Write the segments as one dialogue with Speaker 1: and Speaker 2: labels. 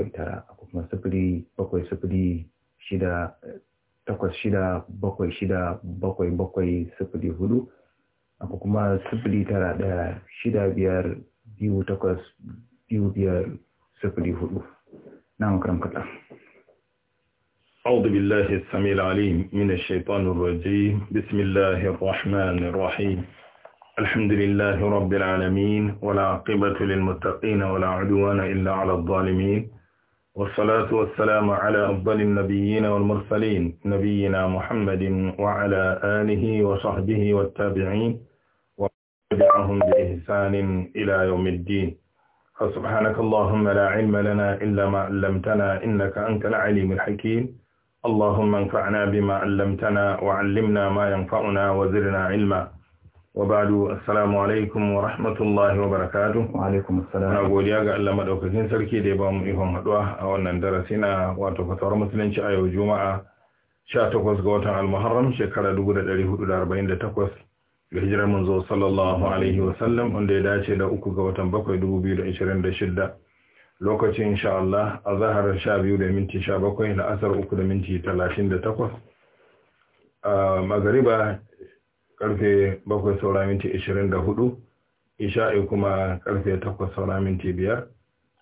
Speaker 1: bakwai tara ko kuma sifili bakwai sifili shida takwas shida bakwai shida bakwai bakwai sifili hudu ko kuma sifili tara ɗaya shida biyar biyu takwas biyu biyar sifili hudu na makaram kaɗan.
Speaker 2: أعوذ بالله السميع العليم من الشيطان الرجيم بسم الله الرحمن الرحيم الحمد لله رب العالمين ولا عقبة للمتقين ولا عدوان إلا على الظالمين والصلاة والسلام على أفضل النبيين والمرسلين نبينا محمد وعلى آله وصحبه والتابعين وتبعهم بإحسان إلى يوم الدين فسبحانك اللهم لا علم لنا إلا ما علمتنا إنك أنت العليم الحكيم اللهم انفعنا بما علمتنا وعلمنا ما ينفعنا وزرنا علما wabadu assalamu alaikum wa rahmatullahi wa barakatu wa alaikum assalam na godiya ga Allah madaukakin sarki da ya ba mu ihon haduwa a wannan darasi na wato fatawar musulunci a yau juma'a 18 ga watan al-muharram shekara 1448 ga hijirar zo, sallallahu alaihi wa sallam wanda ya dace da uku ga watan 7 2026 lokacin insha Allah a zaharar 12 da minti 17 da asar uku da minti 38 a magariba karfe bakwai saura minti ishirin da hudu isha'i kuma karfe takwas saura minti biyar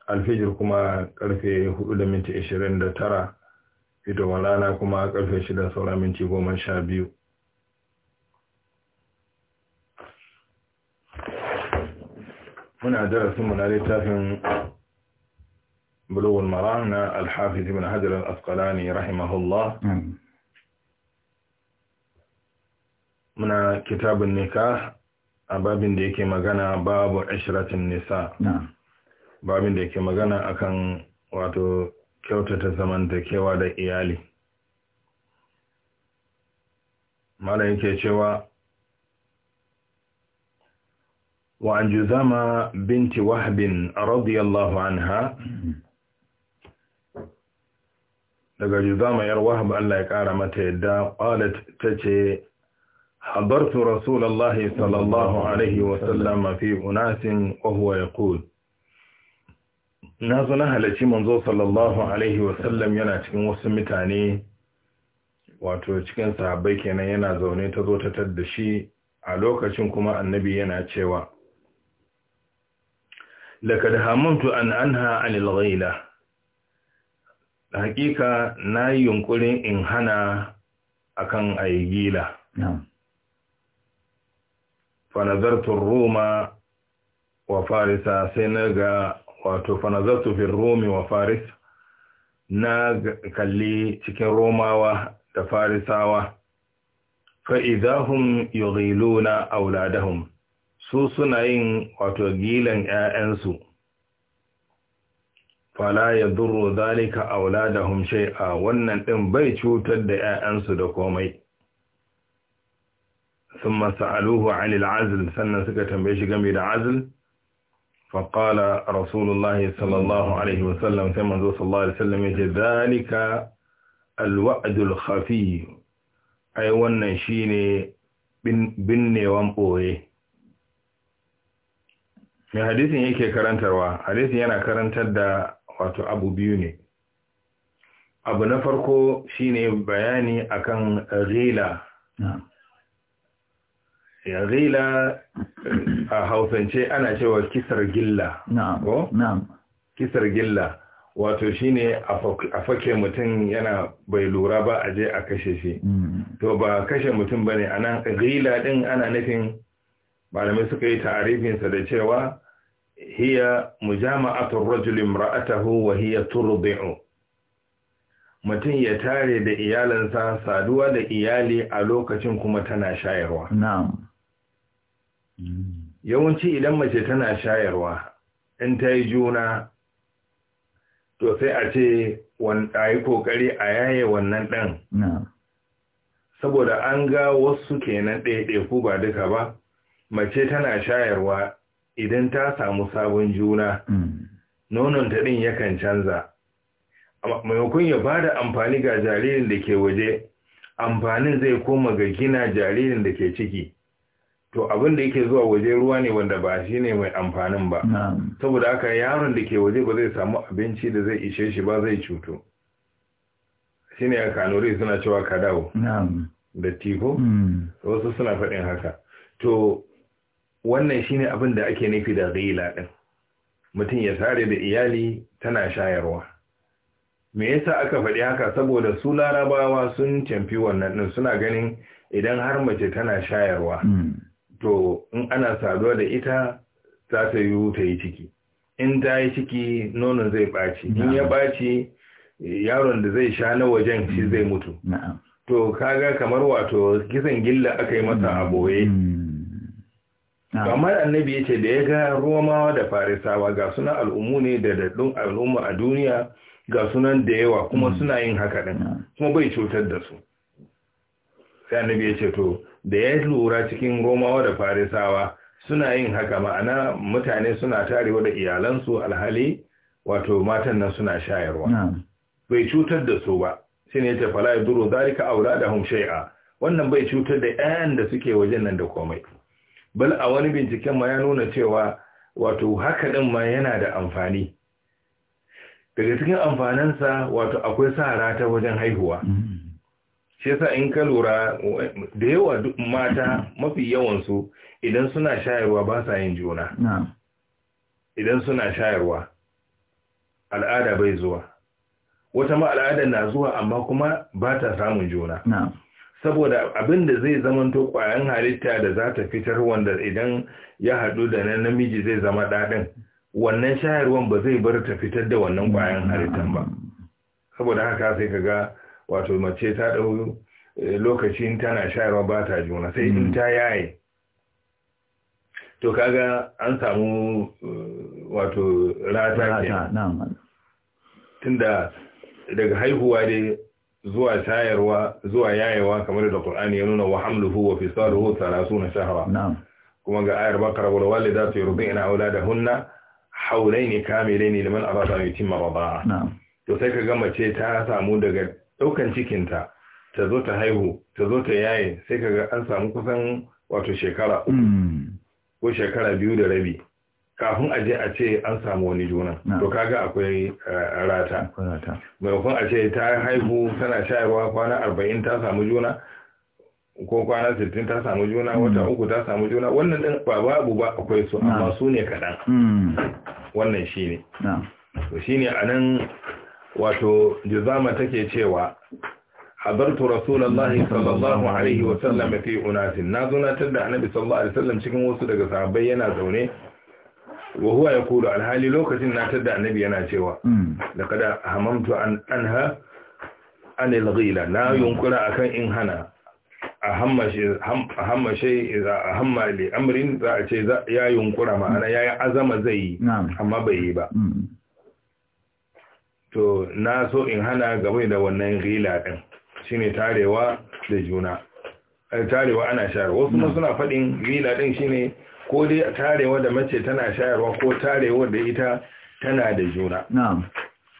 Speaker 2: alfijir kuma karfe hudu da minti ishirin da tara kuma karfe shida saura minti goma sha biyu muna darasinmu na littafin mara na alhafi بن حجر الأسقلاني rahimahullah الله muna kitabun nika a babin da yake magana babu ashiratin nisa babin da yake magana akan wato kyautata zamantakewa da iyali mala yake cewa وعن جزامة بنت وهب رضي الله عنها daga juzama yar wahab Allah ya kara mata yadda ta ce. حضرت رسول wa صلى الله عليه وسلم في أناس وهو يقول نازل هلتي منذ صلى الله عليه وسلم yana cikin wasu mutane wato cikin sahabbai kenan yana zaune ta zo ta tarda shi a lokacin kuma annabi yana cewa laqad hamantu an anha anil ghayla hakika nayi yunkurin in hana akan ayi fanazartun roma wa farisa sai na ga wato fanazartun fi faris na kalli cikin romawa da farisawa fa'izahun na auladahum su suna yin wato gilan ‘ya'yansu fala ya duro zalika auladahum shai'a wannan ɗin bai cutar da ‘ya'yansu da komai sun masa'aluhu anil azil sannan suka tambaye shi game da azil faƙala rasulullahi sallallahu alaihi wasallam sai manzo sallallahu alaihi wasallam ya ce zalika alwa'adul khafi ai wannan shine binnewan ɓoye mai hadisin yake karantarwa hadisin yana karantar da wato abu biyu ne abu na farko shine bayani akan rila ya gila a hausance ana cewa kisar gilla kisar gilla wato shine a fake mutum yana bai lura ba a je a kashe shi mm. to ba kashe mutum bane nan gila din ana nufin malamai suka yi ta'arifinsa da cewa hiya mujama'atul rajul ra'atahu wa hiya turbi'u mutum ya tare da iyalansa saduwa da iyali a lokacin kuma tana shayarwa yawanci idan mace tana shayarwa in ta yi juna to sai a ce a yi kokari a yaye wannan
Speaker 3: ɗan
Speaker 2: saboda an ga wasu kenan ɗaiɗaiku ba duka ba mace tana shayarwa idan ta samu sabon juna mm. nononta ɗin yakan canza maimakon ya ba da amfani ga jaririn da ke waje amfanin zai koma ga gina jaririn da ke ciki to abin da yake zuwa waje ruwa ne wanda ba shi ne mai amfanin ba saboda haka yaron da ke waje ba zai samu abinci da zai ishe shi ba zai cuto. shi ne a suna cewa kadawo
Speaker 1: da tiko hmm.
Speaker 2: wasu suna faɗin haka to wannan shi ne abin da ake nufi da rila ɗin mutum ya sare da iyali tana shayarwa me yasa aka faɗi haka saboda su larabawa sun camfi wannan ɗin suna ganin idan har mace tana shayarwa hmm. to in ana saduwa da ita za ta yi ta yi ciki in ta yi ciki nonon zai ɓaci in ya ɓaci yaron da zai sha na wajen shi zai mutu to kaga kamar wato kisan gilla aka yi masa a boye kamar hmm. annabi ya ce da ya ga romawa da farisawa ga sunan al'ummu ne da daɗin al'umma a duniya ga sunan da yawa kuma hmm. suna yin haka ɗin kuma bai cutar da su sai annabi ya ce to da ya lura cikin gomawa da farisawa suna yin haka ma'ana mutane suna tarewa da iyalansu alhali wato matan nan suna shayarwa bai cutar da su ba shi ne ya ce za ya aura da hun shai'a, wannan bai cutar da 'ya'yan da suke wajen nan da komai bal a wani binciken ma ya nuna cewa wato haka din ma yana da amfani daga cikin amfaninsa wato akwai sa ta wajen haihuwa mm. shi yasa in ka lura da yawa mata mafi yawansu idan suna shayarwa ba sa yin juna idan suna shayarwa al'ada bai zuwa wata ma al'ada na zuwa amma kuma ba ta samun juna saboda abin da zai zamanto kwayan halitta da za ta fitar wanda idan ya haɗu da na namiji zai zama ɗaɗin wannan shayarwan ba zai bar ta fitar da wannan kwayan halittan ba saboda haka sai ka ga wato mace ta ɗau eh, lokacin tana shayarwa ba ta juna sai in mm. ta yaye to kaga an samu eh, wato rata tunda daga haihuwa dai zuwa shayarwa zuwa yayewa kamar da Qur'ani ya nuna wa hamluhu wa fisaluhu 30 shahra na'am kuma ga ayar bakara wal walidatu yurdina auladahunna haulaini kamilaini liman arada an yutimma rida'a na'am to sai kaga mace ta samu daga ɗaukan cikinta ta zo ta haihu ta zo ta yaye sai kaga an samu kusan wato shekara
Speaker 1: mm.
Speaker 2: ko shekara biyu da rabi kafin a je a ce an samu wani juna to kaga eh, akwai rata maimakon a ce ta haihu tana shayarwa kwana arba'in ta samu juna ko kwana sittin ta samu juna mm. wata uku ta samu juna wannan ɗin ba babu ba akwai su amma su ne kaɗan mm. wannan shi ne shi ne a nan wato juzama take cewa hadartu rasulullahi sallallahu alaihi wa sallam fi unatin na zunatar da annabi sallallahu alaihi wasallam cikin wasu daga sahabbai yana zaune wa huwa yaqulu alhali lokacin na tada annabi yana cewa mm. laqad hamamtu an anha an ghila na yunkura akan in hana ahamma shai iza ahamma li amrin za a ce ya yunkura ma'ana yayi azama zai amma bai yi ba mm. to na so in hana game da wannan rila ɗin shine tarewa da juna tarewa ana shayarwa wasu ma mm. suna faɗin rila ɗin shine ko dai tarewa da mace tana shayarwa ko tarewa da ita tana da juna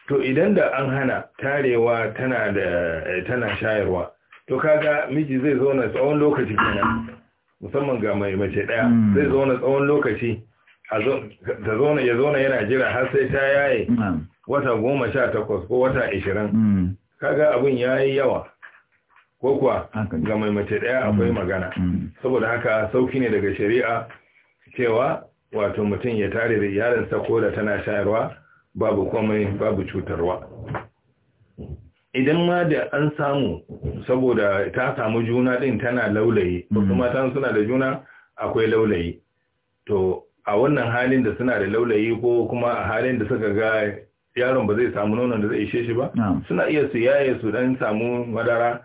Speaker 2: to idan da an hana tarewa tana da eh, tana shayarwa to kaga miji zai zauna tsawon lokaci kenan musamman ga mai mace daya mm. zai zauna tsawon lokaci ya zauna yana jira har sai ta yaye wata goma sha takwas ko wata ashirin hmm. kaga abin ya yi yawa ko kuwa ga mai mace ɗaya akwai hmm. magana hmm. saboda haka sauki ne daga shari'a cewa wato mutum ya tare da iyalinsa ko da tana shayarwa babu komai babu cutarwa idan ma da an samu saboda ta samu juna ɗin tana laulayi wasu matan suna da juna akwai laulayi to a wannan halin da suna da laulayi ko kuma a halin da suka ga yaron ba zai samu nonon da zai ishe shi ba suna iya su yaye su dan samu madara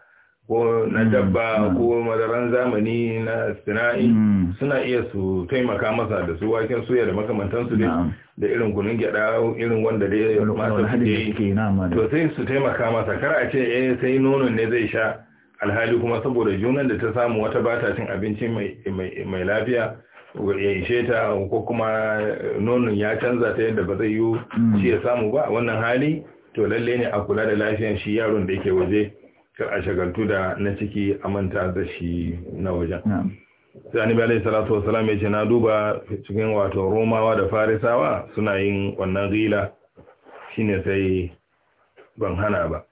Speaker 2: ko na mm. dabba ko madaran zamani na sina'i mm. suna iya su taimaka masa da su waken suya da makamantansu dai da irin kunun gyada irin wanda dai masu fiye to sai su taimaka masa kar a ce eh sai nonon ne zai sha alhali kuma saboda junan da ta samu wata bata cin abinci mai lafiya ya ta ko kuma nonon ya canza ta yadda ba zai yi mm. shi ya samu ba wannan hali to lalle ne a kula da lafiyan shi yaron da yake waje kar a shagaltu da na ciki a manta da shi na wajen sai ba alaihi salatu salam ya ce na duba cikin wato romawa da farisawa suna yin wannan rila shine sai ban hana ba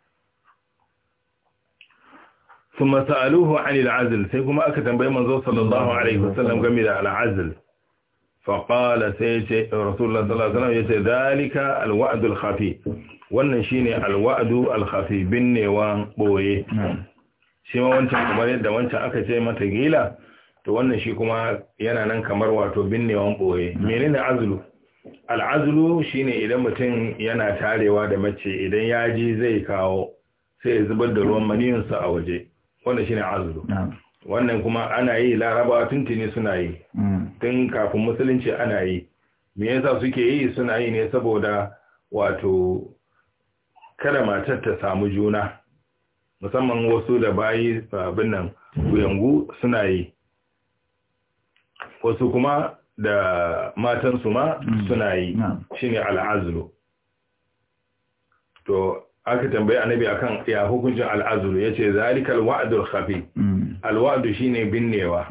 Speaker 2: thumma sa'aluhu 'anil 'azl sai kuma aka tambayi manzo sallallahu alaihi wasallam game da al'azl fa sai ce rasulullah sallallahu alaihi wasallam yace zalika wannan shine al-wa'd binnewan boye shi ma wancan kamar yadda wancan aka ce mata gila to wannan shi kuma yana nan kamar wato binnewan boye menene azlu al'azlu shine idan mutum yana tarewa da mace idan ya ji zai kawo sai ya zubar da ruwan maniyinsa a waje wanda shine azuru wannan kuma ana yi laraba tuntuni suna yi mm. tun kafin musulunci ana yi me yasa suke yi suna yi ne saboda wato kada matar ta samu juna musamman wasu da bayi abin nan kuyangu suna yi wasu kuma da matansu ma mm. suna yi shine al'azlu to aka tambayi annabi akan ya hukuncin al'azulu yace zalikal wa'dul khafi mm. alwa'du shine binnewa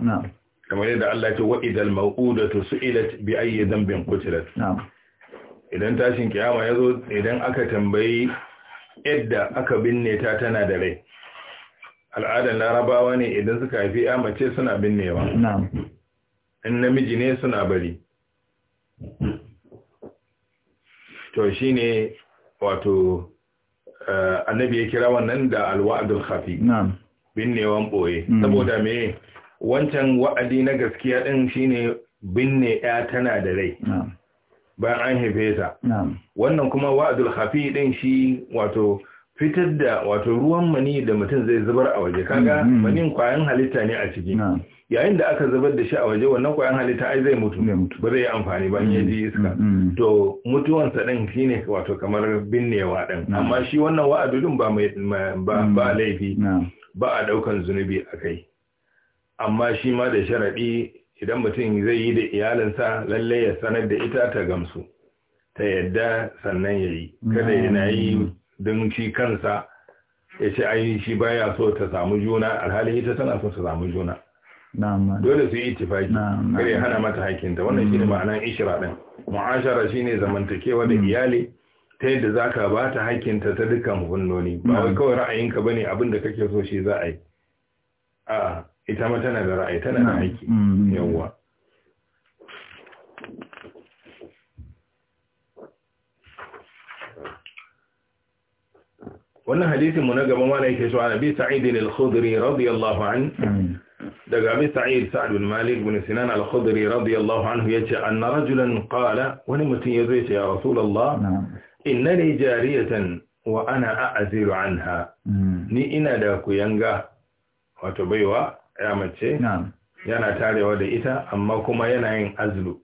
Speaker 2: kamar yadda Allah ya ce wa idal mawqudatu su'ilat bi ayyi dhanbin qutilat idan tashin kiyama yazo idan aka tambayi yadda aka binne ta tana da rai al'adar larabawa ne idan suka haifi ya mace suna binnewa in namiji ne suna bari to shine wato Eh, annabi ya kira wannan da alwa'adul khafi na'am binnewan boye hmm. saboda me wancan wa'adi na gaskiya din shine binne ya tana da rai bayan an haife ta wannan kuma wa'adul khafi din shi wato fitar da wato ruwan mani da mutum zai zubar a waje kaga mm-hmm. manin kwayan halitta ne a ciki yayin da aka zubar da shi a waje wannan kwayan halitta ai zai mutu ba zai yi amfani ba ya ji mm-hmm. iska mm-hmm. to mutuwan sa din shine wato kamar binnewa din amma shi wannan wa'adudin ba mai ba laifi ba a daukan zunubi akai amma shi ma da sharadi idan mutum zai yi da iyalinsa lalle ya sanar da ita ta gamsu ta yadda sannan ya yi kada yana yi don shi kansa ya ce ai shi baya so ta samu juna alhali ita tana so ta samu juna dole su yi ittifaki kare hana mata hakinta wannan ne ma'anar ishra din mu'ashara ne zamantakewa da hmm. iyali ta yadda za ka ba ta hakinta ta dukkan hunnoni ba wai kawai ra'ayinka ne abin da kake so shi za a yi a ita ma tana da ra'ayi tana da haki hmm. yawwa wannan hadisin mu na gaba ma yake cewa Nabi Sa'id al-Khudri radiyallahu an daga Abi Sa'id Sa'd bin Malik bin Sinan al-Khudri radiyallahu anhu yace anna rajulan qala wani mutum yazo yace ya Rasulullah innani jariyatan wa ana a'ziru anha hmm. ni ina da kuyanga wato baiwa ya mace yana tarewa da ita amma kuma yana yin azlu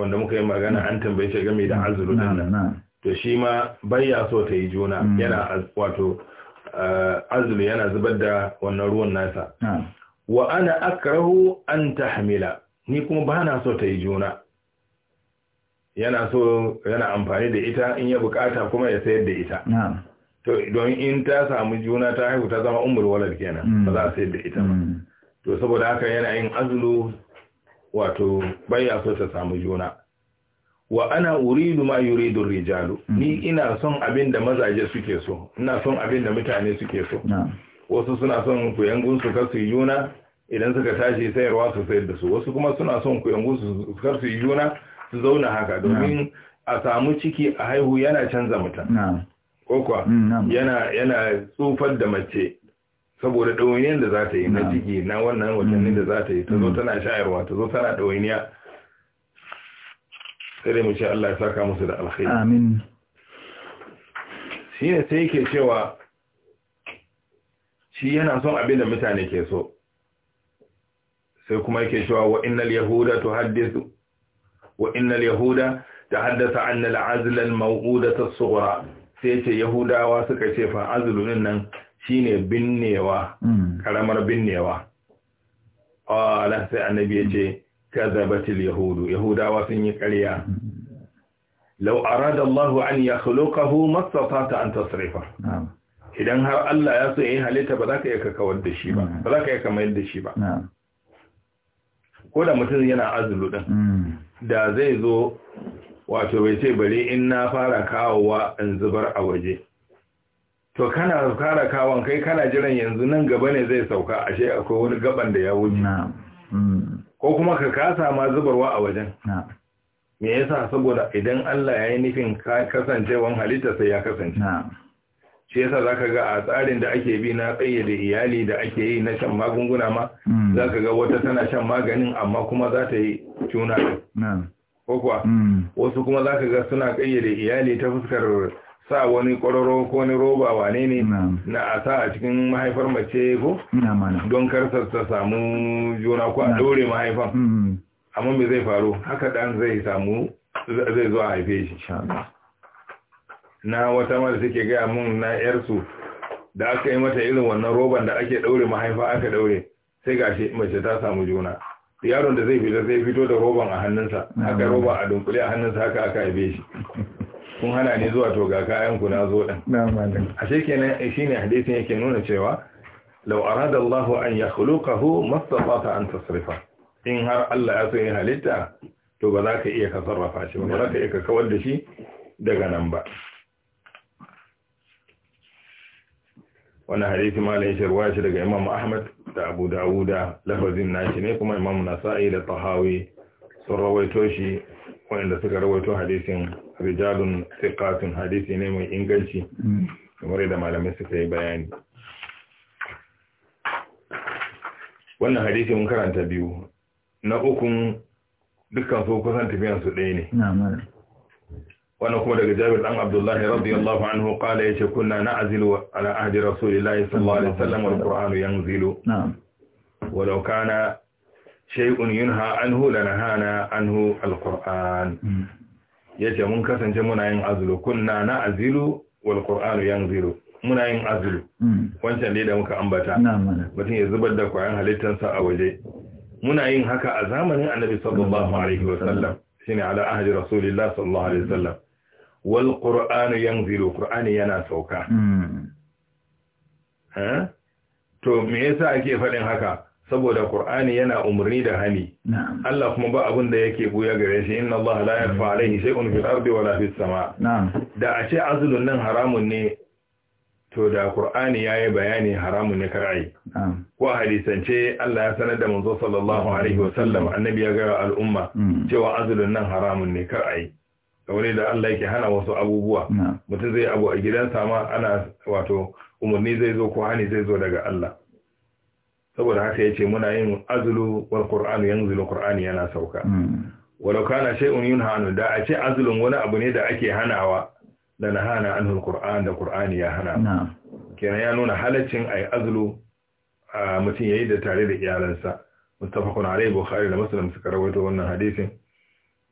Speaker 2: wanda muka yi magana an tambaye shi game da azlu din nan to shi ma bayya so ta yi juna hmm. yana wato eh, azumi yana zubar da wannan ruwan nasa hmm. wa ana akrahu an tahmila ni kuma ba na so ta yi juna yana so yana amfani da ita in ya bukata kuma ya sayar da ita hmm. to don in ta samu juna ta haihu ta zama umar walar kenan ba za a sayar da ita ba to saboda haka yana yin azulu wato ya so ta samu juna wa ana uridu ma yuridu rijalu mm. ni ina son abin da mazaje suke so ina son abin da mutane suke so wasu suna son ku yangun su kasu yuna idan suka tashi sayarwa su sayar da su wasu kuma suna son ku yangun su kasu yuna su zauna haka domin a samu ciki a haihu yana canza mutum ko kuwa mm, yana yana tsufar da mace saboda dawainiyar da za ta yi na ciki na wannan watanni da za ta yi ta zo mm. tana shayarwa ta zo tana dawainiya sai dai mu ce Allah ya saka musu da alkhairi amin shine sai yake cewa shi yana son abin da mutane ke so sai kuma yake cewa wa innal yahuda tuhaddithu wa innal yahuda tahaddatha an al'azla al-maw'udata as-sughra sai yace yahudawa suka ce fa azlun nan shine binnewa mm. karamar binnewa qala sai annabi yace kazabatil yahudu yahudawa sun yi ƙarya law arada Allah an yakhluqahu mastata an tasrifa idan har Allah ya so yayi halitta ba za ka iya kawar da shi ba ba za ka iya kamar da shi ba ko mutum yana azulu
Speaker 3: din
Speaker 2: da zai zo wato bai ce bari in na fara kawowa in zubar a waje to kana fara kawon kai kana jiran yanzu nan gaba ne zai sauka ashe akwai wani gaban da ya wuce ko kuma ka kasa ma zubarwa a wajen me yasa saboda idan Allah ya yi nufin kasance kasancewan halitta sai ya kasance shi yasa zaka ga a tsarin da ake bi na tsayyade iyali da ake yi na shan magunguna ma mm. zaka ga wata tana shan maganin amma kuma za ta yi juna ko kuwa mm. wasu kuma zaka ga suna tsayyade iyali ta fuskar sa wani kwararro ko wani roba wane ne na a sa a cikin mahaifar mace ko don karsar ta samu juna ko a dore mahaifan mm-hmm. amma me zai faru haka dan zai samu zai zo a haife shi na wata mara suke gaya mun na yarsu da aka yi mata irin wannan roban da ake daure mahaifa aka daure sai gashi mace ta samu juna yaron da zai fita zai fito da roban a hannunsa haka roba a dunkule a hannunsa haka aka haife shi kun hana ni zuwa to ga kayan ku na zo
Speaker 3: din
Speaker 2: a shi ne hadisin yake nuna cewa law arada Allahu an yakhluqahu mastata an tasrifa in har Allah ya so ya halitta to ba za ka iya ka sarrafa shi ba ba za ka iya kawar da shi daga nan ba wani hadisi malayin shirwa shi daga imam ahmad da abu dawuda lafazin nashi ne kuma imam nasa'i da tahawi sun rawaito shi wanda suka rawaito hadisin rijalun thiqatun hadisi ne mai inganci mm. kamar da malamai suka yi bayani wannan hadisi mun karanta biyu na ukun dukkan su kusan tafiyan su ɗaya ne wannan kuma daga Jabir dan Abdullah radiyallahu anhu qala yace kunna na'zilu ala ahdi rasulillahi sallallahu alaihi wasallam wal yanzilu na'am walau kana shay'un yunha anhu lanahana anhu al yace mun kasance muna yin azulu kunna na azilu wal qur'anu yanzilu muna yin azulu hmm. wancan ne da muka ambata mutum ya zubar da kwayan halittarsa a waje muna yin haka a zamanin annabi sallallahu alaihi sallam shine ala ahdi rasulillah sallallahu alaihi sallam wal qur'anu yanzilu qur'ani yana sauka
Speaker 1: hmm.
Speaker 2: eh? to me yasa ake faɗin haka saboda Qur'ani yana umarni da hani Allah kuma ba abin da yake buya gare shi inna Allah la yarfa alaihi shay'un fil ardi wala fis sama da a ce azlun nan haramun ne to da Qur'ani yayi bayani haramun ne kar'ai ko hadisance Allah ya sanar da manzo sallallahu alaihi wa sallam, mm. annabi ya ga al'umma mm. cewa azlun nan haramun ne kar'ai kamar da Allah yake hana wasu abubuwa mutum zai abu a gidansa ma ana wato umarni zai zo ko hani zai zo daga Allah saboda haka yace muna yin azlu wal qur'an yanzilu qur'ani yana sauka walau kana shay'un yunha anhu da a ce azlun wani abu ne da ake hanawa da nahana anhu al qur'an da qur'ani ya hana kenan ya nuna halaccin ay azlu mutum yayi da tare da iyalansa muttafaqun alayhi bukhari da muslim suka rawaito wannan hadisin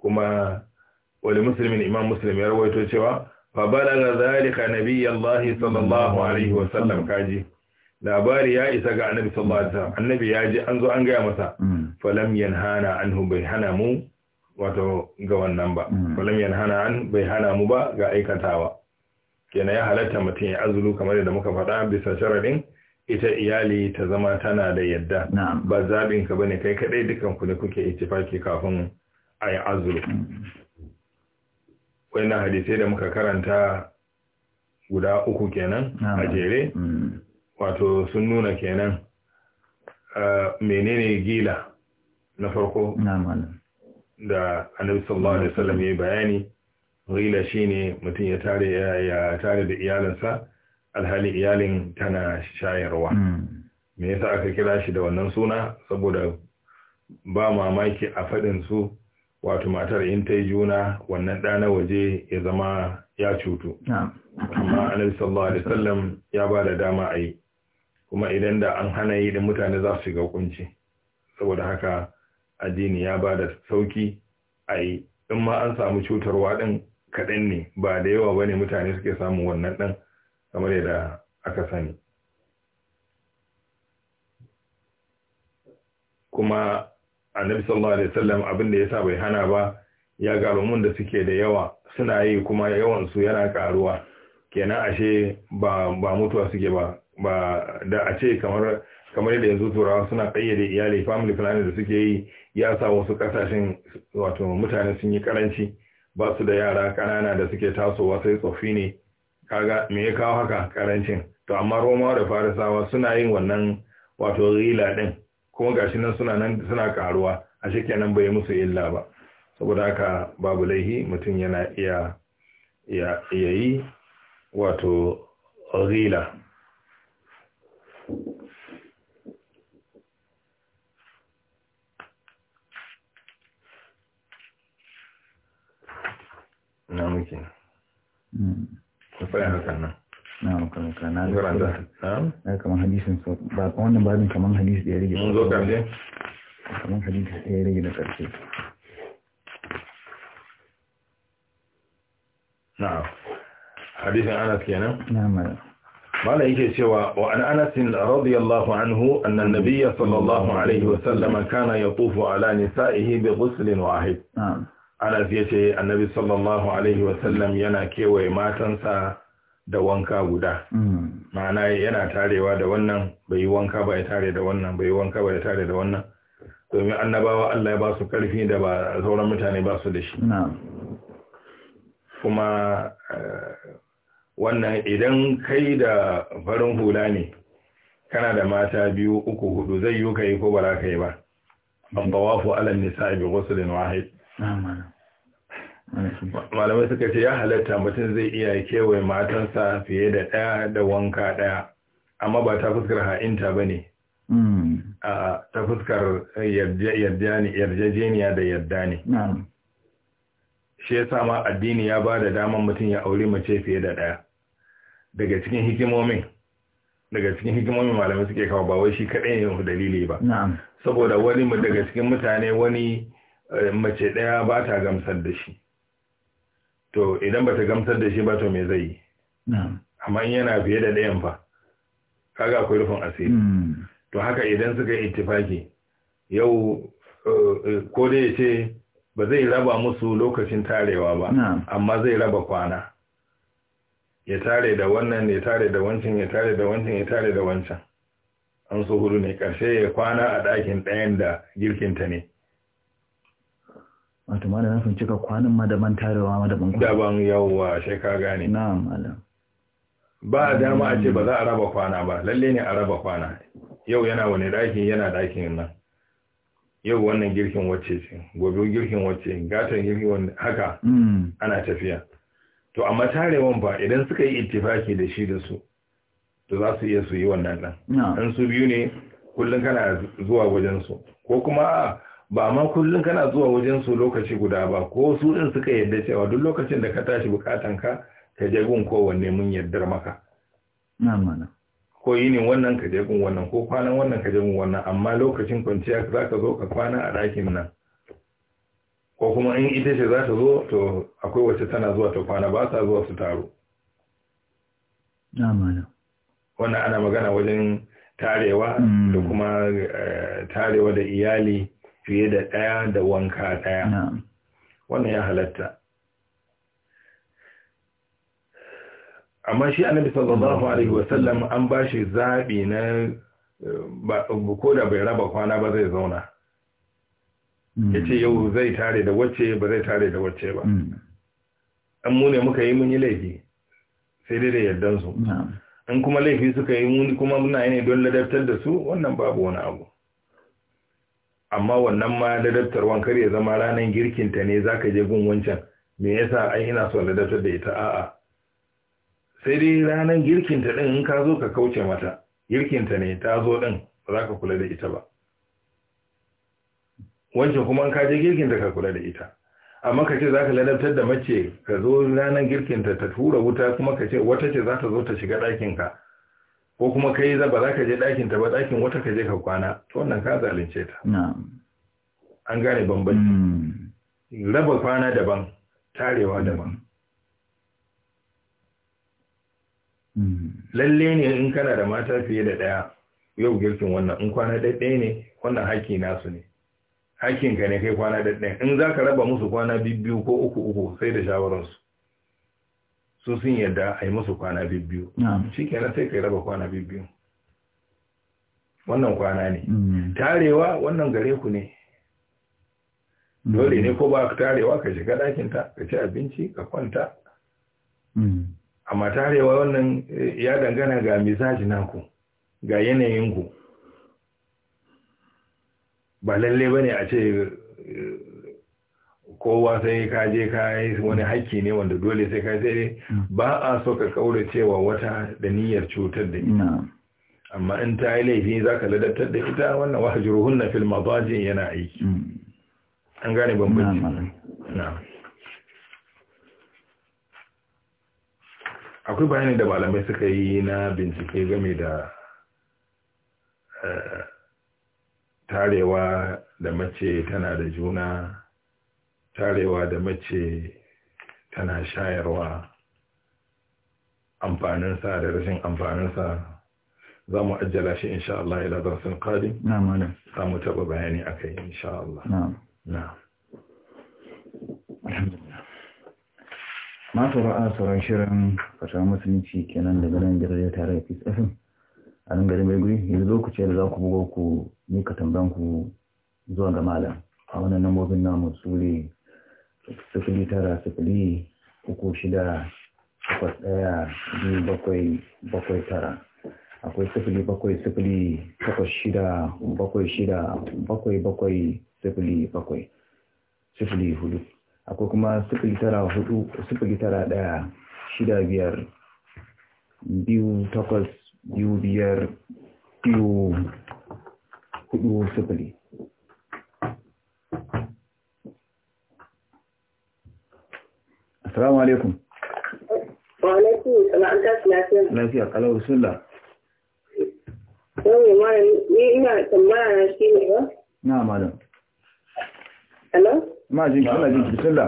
Speaker 2: kuma wani muslimin imam muslim ya rawaito cewa fa balaga zalika nabiyallahi sallallahu alaihi wasallam kaji labari ya isa ga annabi sallallahu alaihi wasallam annabi ya ji an zo an gaya masa mm. falam yanhana anhu bai hana mu wato ga wannan ba mm. falam yanhana an bai hana mu ba ga aikatawa kenan ya halatta mutum ya azulu kamar da muka faɗa bisa sharadin ita iyali ta zama tana da yadda ba zaɓin ka bane kai kaɗai dukan ku ne kuke ittifaki kafin ayi yi azulu mm. wannan hadisai da muka karanta guda uku kenan a jere wato sun nuna kenan eh, menene gila na farko da annabi sallallahu alaihi wasallam ya bayani gila shine mutum ya tare ya tare da iyalansa alhali iyalin tana shayarwa hmm. me yasa aka kira shi da wannan suna saboda ba mamaki a faɗin su wato matar in ta juna wannan ɗa na waje ya zama ya cutu amma annabi sallallahu alaihi wasallam ya ba da dama a yi kuma idan da an hana yi da mutane za su shiga hukunci saboda haka addini ya ba da sauki a yi in ma an samu cutarwa ɗin kaɗan ne ba da yawa ba ne mutane suke samun wannan ɗin kamar da aka sani kuma annabi sallallahu alaihi wasallam abin da yasa bai hana ba ya ga mun da suke da yawa suna yi kuma yawan su yana karuwa kenan ashe ba ba mutuwa suke ba ba da a ce kamar kamar yadda yanzu turawa suna kayyade iyali family planning da suke yi ya sa wasu kasashen wato mutane sun yi karanci ba su da yara kanana da suke tasowa sai tsofi ne kaga me ya kawo haka karancin to amma romawa da farisawa suna yin wannan wato rila din kuma gashi nan suna nan suna karuwa a kenan bai musu illa ba saboda haka babu laihi mutum yana iya iya yi wato
Speaker 1: rila نعم enfim. Hum. Eu falei, não, não. حديث انس كانه نعم
Speaker 2: قال ايش سوى وعن انس رضي الله عنه ان النبي صلى الله عليه وسلم كان يطوف على نسائه بغسل واحد نعم Ana ya ce annabi sallallahu alaihi wasallam yana kewaye matansa da wanka guda mm. ma'ana yana tarewa da wannan bai yi wanka ba ya tare da wannan bai yi wanka ba ya tare da wannan domin annabawa Allah ya ba su karfi da ba sauran mutane ba su da shi kuma eh, wannan idan kai da farin hula ne kana da mata biyu uku hudu zai yi ka yi ko ba za ka yi ba mm. an tawafu alal nisa bi ghusl wahid malamai suka ce ya halatta mutum zai iya kewaye matansa fiye da ɗaya da wanka ɗaya amma ba ta fuskar ha'inta ba ne hmm. ta fuskar yarjejeniya da yarda ne shi ya sa ma addini ya ba da damar mutum ya auri mace fiye da ɗaya daga cikin hikimomin daga cikin hikimomin malamai suke kawo ba wai shi kaɗai ne dalili ba saboda wani daga cikin mutane wani Eh, mace ɗaya ba ta gamsar da shi to idan ba ta gamsar da shi ba to me zai yi amma yana fiye da ɗayan fa kaga akwai rufin asiri hmm. to haka idan suka yi ittifaki yau eh, ko da ya ce ba zai raba musu lokacin tarewa ba amma zai raba kwana ya tare da wannan ya tare da wancan ya tare da wancan ya tare da wancan an so hudu ne ƙarshe ya kwana a ɗakin ɗayan da girkinta ne
Speaker 1: wato ma da na fahimci ka kwanan ma daban tarewa ma daban
Speaker 2: daban yawwa sai ka gane na'am malam ba a dama a ce ba za a raba kwana ba lalle ne a raba kwana yau yana wani daki yana dakin nan yau wannan girkin wacce ce gobe girkin wacce gatan girkin wani haka mm. ana tafiya to amma tarewan ba idan suka yi ittifaki da shi da su to za su iya su yi wannan ɗan. Ɗan su biyu ne kullum kana zuwa wajen su Ko kuma ba ma kullum kana zuwa wajen su lokaci guda ba ko su din suka yadda cewa duk lokacin da ka tashi bukatan ka ka je gun kowanne mun yaddar maka na'am mana ko yini wannan ka je gun wannan ko kwanan wannan ka je gun wannan amma lokacin kwanciya za ka zo ka kwana a ɗakin nan ko kuma in ita ce za ta zo to akwai wacce tana zuwa ta kwana ba sa zuwa su taro na'am mana wannan ana magana wajen tarewa mm. da kuma eh, tarewa da iyali fiye da ɗaya da wanka ɗaya wannan ya halatta amma shi annabi sallallahu alaihi wasallam an ba shi zaɓi na eh, ko da bai raba kwana ba zai zauna mm. ya ce yau zai tare da wacce ba zai tare da wacce ba an mm. mune muka yi mun yi laifi sai dai da yardansu in kuma laifi suka yi muni kuma muna yi ne don ladabtar da su wannan babu wani abu amma wannan ma ladabtarwan kar ya zama ranar girkinta ne za ka je gun wancan me yasa ai ina so ladabtar da ita a'a sai dai ranar girkinta ɗin in ka zo ka kauce mata girkinta ne ta zo ɗin ba za ka kula da ita ba wancan kuma in ka je girkinta ka kula da ita amma ka ce za ka ladabtar da mace ka zo ranar girkinta ta tura wuta kuma ka ce wata ce za ta zo ta shiga ɗakinka ko kuma kai za ba za ka je ɗakin ta ba ɗakin wata ka je ka kwana to wannan ka zalunce ta an gane bambanci hmm. raba kwana daban tarewa daban hmm. lalle ne in kana da mata fiye da ɗaya yau girkin wannan in kwana ɗaya ne wannan haƙƙi nasu ne haƙƙinka ne kai kwana ɗaya in za ka raba musu kwana biyu ko uku uku sai da shawararsu su sun yadda a yi musu kwana biyu shi kenan sai kai raba kwana biyu wannan kwana ne mm. tarewa wannan gare ku ne mm. dole ne ko ba tarewa ka shiga ɗakinta ka ci abinci ka kwanta mm. amma tarewa wannan eh, ya dangana ga misaji naku ga yanayinku ba lalle ba ne a ce eh, kowa sai ka je ka yi wani hakki ne wanda dole sai ka sai ba a so ka kaura cewa wata da niyyar cutar da ita amma in ta yi laifi za ka ladattar da ita wannan wahajiruhunna fil mazajin yana aiki mm. an gane bambanci akwai bayani da malamai suka yi na bincike game da eh, tarewa da mace tana da juna tarewa da mace tana shayarwa amfaninsa da rashin amfaninsa za mu ajjala shi insha Allah ila darasin qadi na mana za mu taba bayani akai insha Allah na'am
Speaker 1: masu ra'a sauran shirin fata musulunci kenan daga nan jirgin tare da peace a nan garin guri yanzu lokaci da za ku buga ku mika tambayan ku zuwa ga malam a wannan namobin namu su sifili tara sifili uku shida takwas ɗaya biyu bakwai bakwai tara akwai sifili bakwai sifili takwas shida bakwai shida bakwai bakwai sifili bakwai sifili hudu akwai kuma sifili tara hudu sifili tara ɗaya shida biyar biyu takwas biyu biyar biyu hudu sifili Salamu alaikum.
Speaker 4: Wa alaikum salam ta lafiya.
Speaker 1: Lafiya kalau sunna.
Speaker 4: Yau malam ni ina tambaya na shi ne ba?
Speaker 1: Na malam. Hello? Ma jin ki Allah jin ki sunna.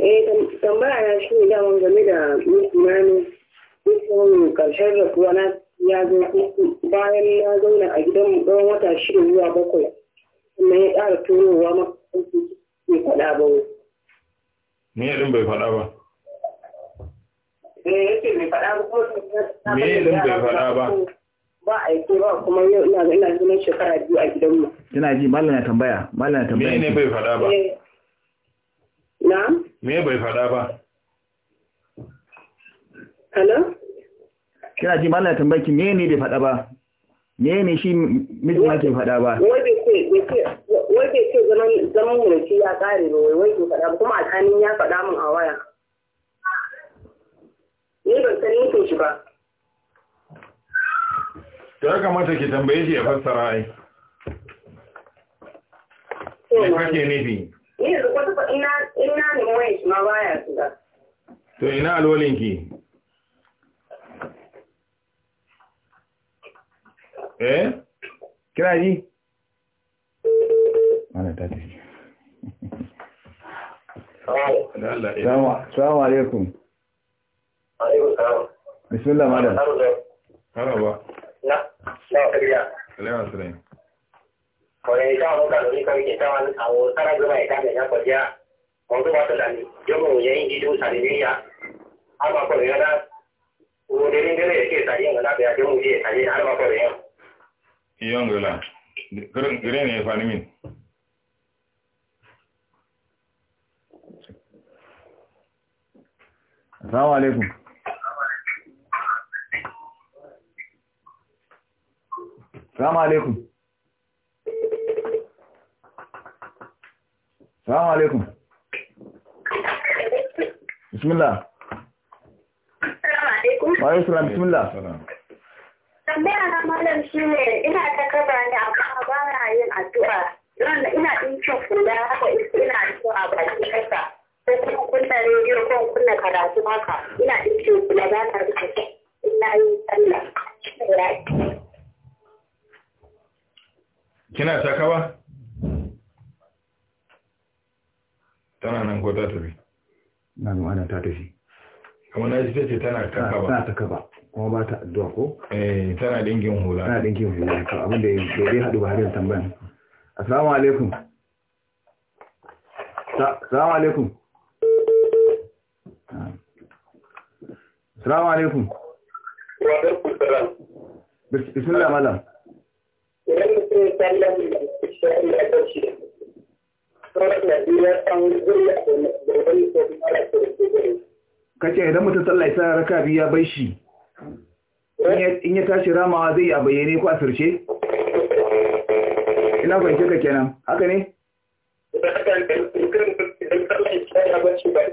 Speaker 4: Eh tambaya na shi ne da mun game da musulmani. Musulmin karshen rakuwa na ya zo bayan na zauna a gidan ɗan wata shida zuwa bakwai. Sannan ya ƙara turowa ma ne faɗa ba wai. me ɗin bai faɗa ba me eh, ɗin bai faɗa ba ba a ba kuma yau ina ga ina zuwa shekara biyu a gidanmu
Speaker 1: ina ji mallam na tambaya mallam na tambaya me ne bai faɗa ba
Speaker 4: eh. na
Speaker 1: me bai faɗa ba hello kina ji mallam na tambaya ki me ne bai faɗa ba me ne shi mijin ke faɗa ba
Speaker 4: wai bai ce bai ce ce zaman mu shi ya kare ba wai wai faɗa kuma alƙalin ya faɗa min a waya ni ban san nufin shi ba
Speaker 2: ya kamata ki tambaye shi ya fassara ai me kake nufi
Speaker 4: ni da kwata ina ina ne mai shi ma baya su
Speaker 2: to ina alwalinki
Speaker 1: eh kira ji mana dade salamu alaikum bismillah madam marhaba
Speaker 4: na na kariya alaikum assalam kore ta mu ka ni ini ke ta wan awo tara gaba ita ne ya koriya ko to wata dani jomo yayin gidu salimiya ama ko ya da wo de ni gele ke ta yin na ba jomo ye apa ye ama ko ya
Speaker 2: yongula gren gren e fanimin
Speaker 1: Assalamu alaikum. Assalamu alaikum. Assalamu alaikum. Bismillah.
Speaker 4: Assalamu alaikum.
Speaker 1: Wa alaikum bismillah.
Speaker 4: Tambaya na malam shine ina ta kaba ne amma ba na yin addu'a. Ina ina ɗinkin kula haka ina addu'a ba ki kasa. ko kuma kunna rediyo ko kunna karatu haka ina ɗauke kula za ta rika ina yi sallah
Speaker 1: kina saka ba tana nan ko ta tafi na ana ta tafi
Speaker 2: kamar na ji ta ce tana taka ba tana taka ba kuma ba ta
Speaker 1: addu'a ko eh tana dingin hula tana dingin hula to abin da ya dai hadu ba har yanzu tambayan assalamu alaikum assalamu alaikum Salamu alaikum.
Speaker 4: Wa Bismillah malam.
Speaker 1: Kace idan mutum sallah isa raka biya bai shi. In ya tashi ramawa zai yi a bayyane ko a sirce? Ina fahimci ka kenan, haka ne? Idan mutum ya sallar shi bai.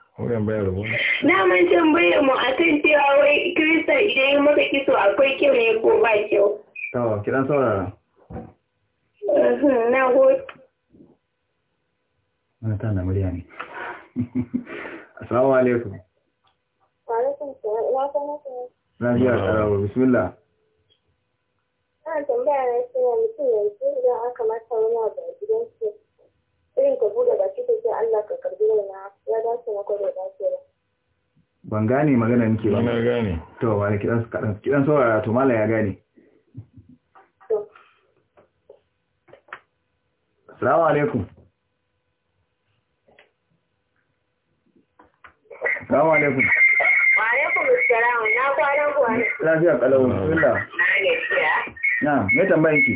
Speaker 1: Na
Speaker 4: man tambayar mu a kan cewa wai Kirista idan yi maka kiso akwai kyau ne ko ba kyau.
Speaker 1: Tawa, kiɗan saurara.
Speaker 4: Na gode. Wani ta na murya ne.
Speaker 1: alaikum. da Lafiya tsarawa, bismillah.
Speaker 4: tambaya na shi ne mutum yanzu idan aka mata wani abu a gidansu irin ka bude baki ka ce Allah ka karbi wannan ya dace maka da dace ba
Speaker 1: ban gane magana nake ba na gane to ba kidan kadan kidan saurara to mala ya gane Assalamu alaikum Assalamu alaikum
Speaker 4: Wa alaikum assalam na kwanan kwanan. lafiya kalau bismillah na ne ya
Speaker 1: na me tambayanki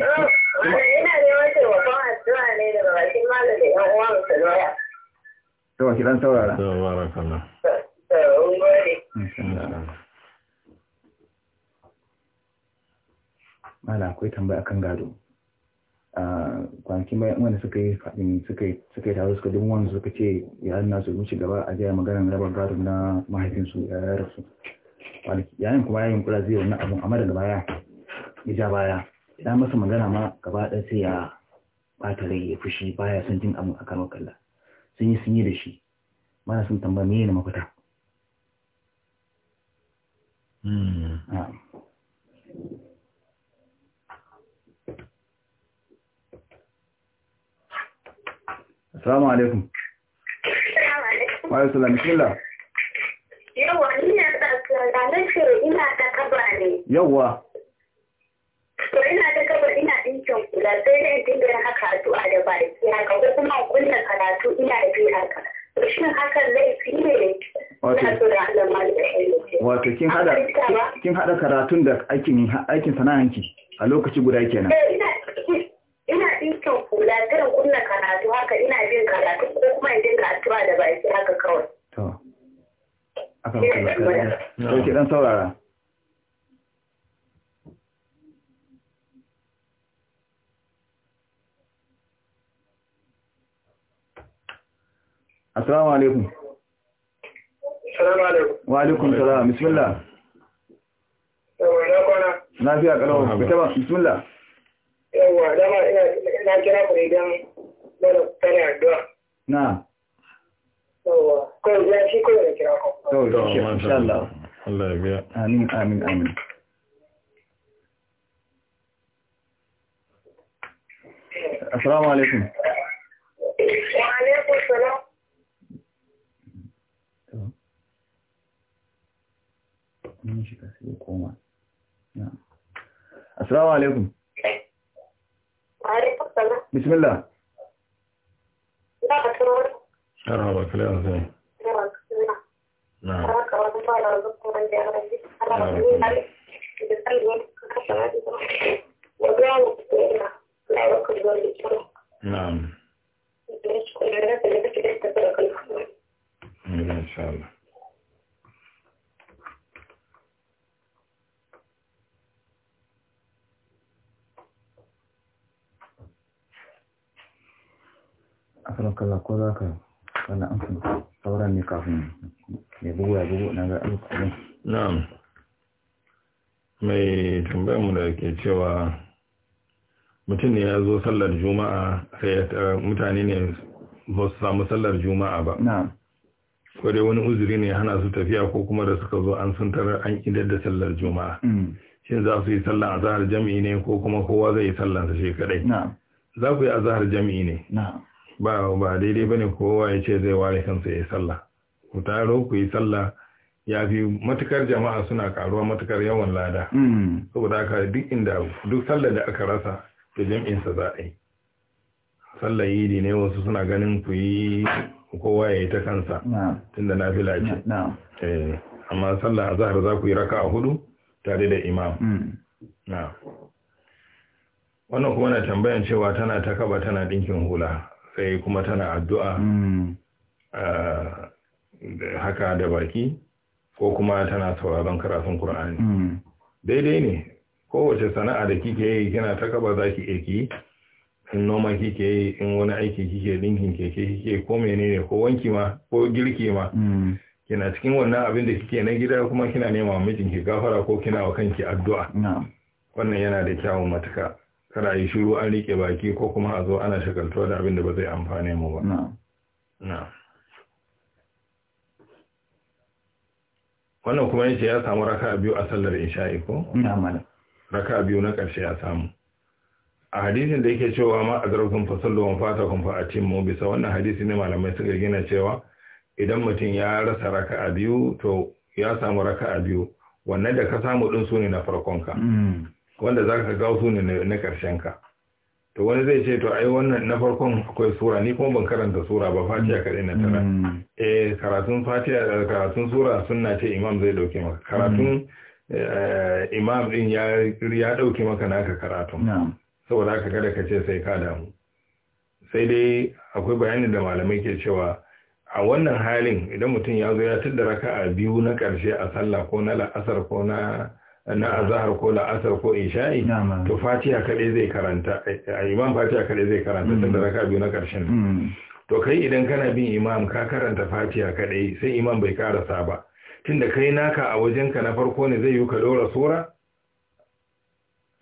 Speaker 1: Ina neman taimakon addu'a ne daga bakin malam da ƴan uwa musulmaya. Yawa ki dan saurara. Yawa barakallah. Mala akwai tambaya kan gado. kwanakin bayan wanda suka yi suka yi taro suka dun wanda suka ce yayin nasu wuce gaba a jiya maganar rabar gado na mahaifinsu ya rasu yayin kuma yayin kula zai wannan abun amma daga baya ya ja baya na masa magana ma gaba ɗaya sai ya ɓata rai ya fushi baya son jin abin kan wakalla sun yi sun yi da shi mana sun tamba me ne mafita hmm. Assalamu alaikum. Wa alaikum salam. Bismillah.
Speaker 4: Yawwa ina da ina da kabari. Yawwa. to ina ta gabar ina ɗinkin kula sai dai dinga yin haka addu'a da baki haka ko kuma kunna karatu ina da bi haka to shin hakan laifi ne wato kin hada kin
Speaker 1: hada karatun da aikin aikin sana'anki a lokaci guda kenan
Speaker 4: eh, ina ɗinkin kula irin kunna karatu haka ina bin karatu ko kuma in dinga addu'a da baki haka kawai to
Speaker 1: akan kula kai ki dan saurara Assalamu alaikum. Assalamu alaikum. Wa alaikum salam. Bismillah. Na fi lafiya Fita ba. Bismillah.
Speaker 4: Yawwa, ina kira ku idan tare addu'a. Na. Yawwa, kawai ya shi da kira ku. Kawai, insha
Speaker 1: Allah. Allah ya biya. Amin, amin, amin. Assalamu alaikum. Wa alaikum salam. ماشي بس يقوم نعم السلام عليكم وعليكم بسم الله مرحبا يا اخي نعم نعم ان شاء الله akan kalla ko za ka wannan an sauran ne kafin mai bugu ya bugu na ga alƙalin na'am mai tambayar mu da ke cewa mutum ne ya
Speaker 2: zo sallar juma'a sai mutane ne ba su samu sallar juma'a ba ko dai wani uzuri ne hana su tafiya ko kuma da suka zo an sun tarar an idar da sallar juma'a mm. shin za su yi sallar azahar jami'i ne ko kuma kowa zai yi sallar sa shi kadai za ku yi azahar jami'i ne ba ba daidai bane kowa ya ce zai ware kansa ya yi sallah ku taro ku yi sallah ya fi matukar jama'a suna karuwa matukar yawan lada mm. saboda haka duk inda duk sallar da aka rasa da jam'insa za a yi sallar yi ne wasu suna ganin ku yi kowa ya yi ta kansa tunda na fila ce eh, amma sallar zahar za ku yi raka a hudu tare da imam mm. wannan kuma na tambayan cewa tana ta kaba tana dinkin hula sai kuma tana addu'a hmm. eh, da haka da baki ko kuma tana sauraron karatun Kur'ani. Hmm. Daidai ne, kowace sana'a da kike yi kina ta kaba za ki yi in noma kike yi, in wani aiki kike dinkin keke kike ko menene ko wanki ma ko girki ma. Hmm. Kina cikin wannan abin da kike na gida kuma kina nema mijinki gafara ko kina wa kanki addu'a. Wannan yana da kyawun matuka. kada yi shiru an rike baki ko kuma a zo ana shagaltuwa da abin da ba zai amfane mu ba na wannan kuma yace ya samu raka biyu a sallar isha'i ko raka biyu na ƙarshe ya samu a hadisin da yake cewa ma a zarafin fasallu wa fata kun fa mu bisa wannan hadisi ne malamai suka gina cewa idan mutum ya rasa raka'a biyu to ya samu raka'a biyu wannan da ka samu din su ne na farkon ka. Mm. wanda za ka kawo su ne na ƙarshen ka to wani zai ce to ai wannan na farkon akwai sura ni kuma ban karanta sura ba fatiha kaɗai na tara mm. eh karatun eh, karatun sura suna ce imam zai dauke maka mm. karatun eh, imam din ya ɗauki maka naka karatun saboda haka kada ka ce sai ka damu sai dai akwai bayanin da malamai ke cewa a wannan halin idan mutum ya zo ya tudda a biyu na karshe a sallah ko na la'asar ko na na azahar ko la'asar ko isha'i to fatiha kaɗai zai karanta a eh, imam fatiha kaɗai zai karanta mm. ta da raka biyu na ƙarshen mm. to kai idan kana bin imam ka karanta fatiha kaɗai sai imam bai karasa ba tunda kai naka a wajenka na farko ne zai yi ka ɗora sura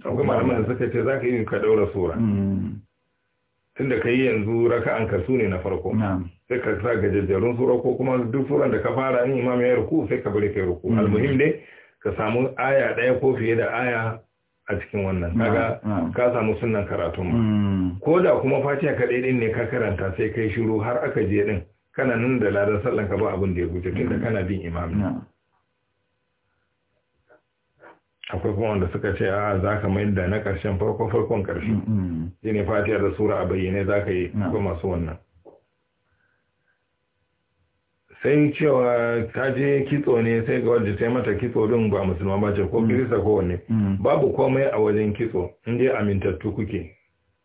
Speaker 2: akwai malaman suka ce za ka yi ka ɗora sura mm. tunda kai yanzu raka ka su ne na farko sai ka sa gajajjerun sura ko kuma duk suran da ka fara in imam ya yi ruku sai ka bari kai ruku almuhim dai ka samu aya ɗaya ko fiye da aya a cikin wannan kaga ka samu sunan karatu ma hmm. ko da kuma fatiha kaɗai ɗin ne ka karanta sai kai shiru har aka je ɗin kana nan da ladan sallan ka ba abin da ya wuce tunda hmm. kana bin imam akwai kuma wanda suka ce a za ka mai da na ƙarshen farko farkon ƙarshe hmm, shine fatiha da sura a bayyane za ka yi akwai masu wannan sai cewa ta je kitso ne sai ga wadda sai mata kitso din ba musulma ba ce ko mm. kirista ko wanne mm. babu komai a wajen kitso in dai amintattu kuke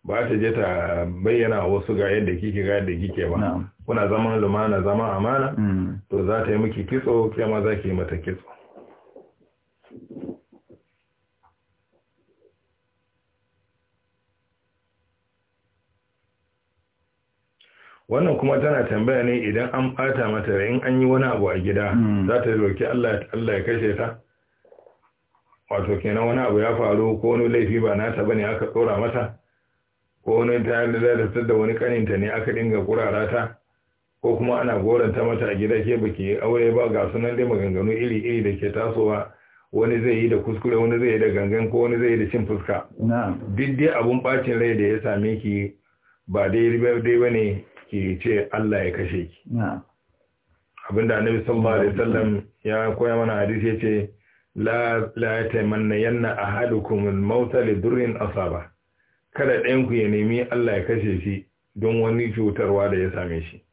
Speaker 2: ba ta je ta bayyana wasu ga yadda kike ga yadda kike ba kuna zaman lumana zaman amana mm. to za ta yi miki kitso ke ma za ki yi mata kitso wannan kuma tana tambaya ne idan an bata mata in an yi wani abu a gida hmm. za ta roki Allah ya kashe ta wato kenan wani abu ya faru ko wani laifi ba nata bane aka tsora mata ko wani ta lalatar da wani kaninta ne aka dinga kurara ta ko kuma ana goranta mata a gida ke baki aure ba ga sunan dai maganganu iri iri da ke tasowa wani zai yi da kuskure wani zai yi da gangan ko wani zai yi da cin fuska duk dai abun bacin rai da ya same ki ba dai dai bane ki ce Allah ya kashe ki abinda annabi sallallahu alaihi wasallam ya koya mana hadisi yace la la tamanna yanna ahadukum al-maut li durrin asaba kada ɗayan ku ya nemi Allah ya kashe shi don wani cutarwa da ya same shi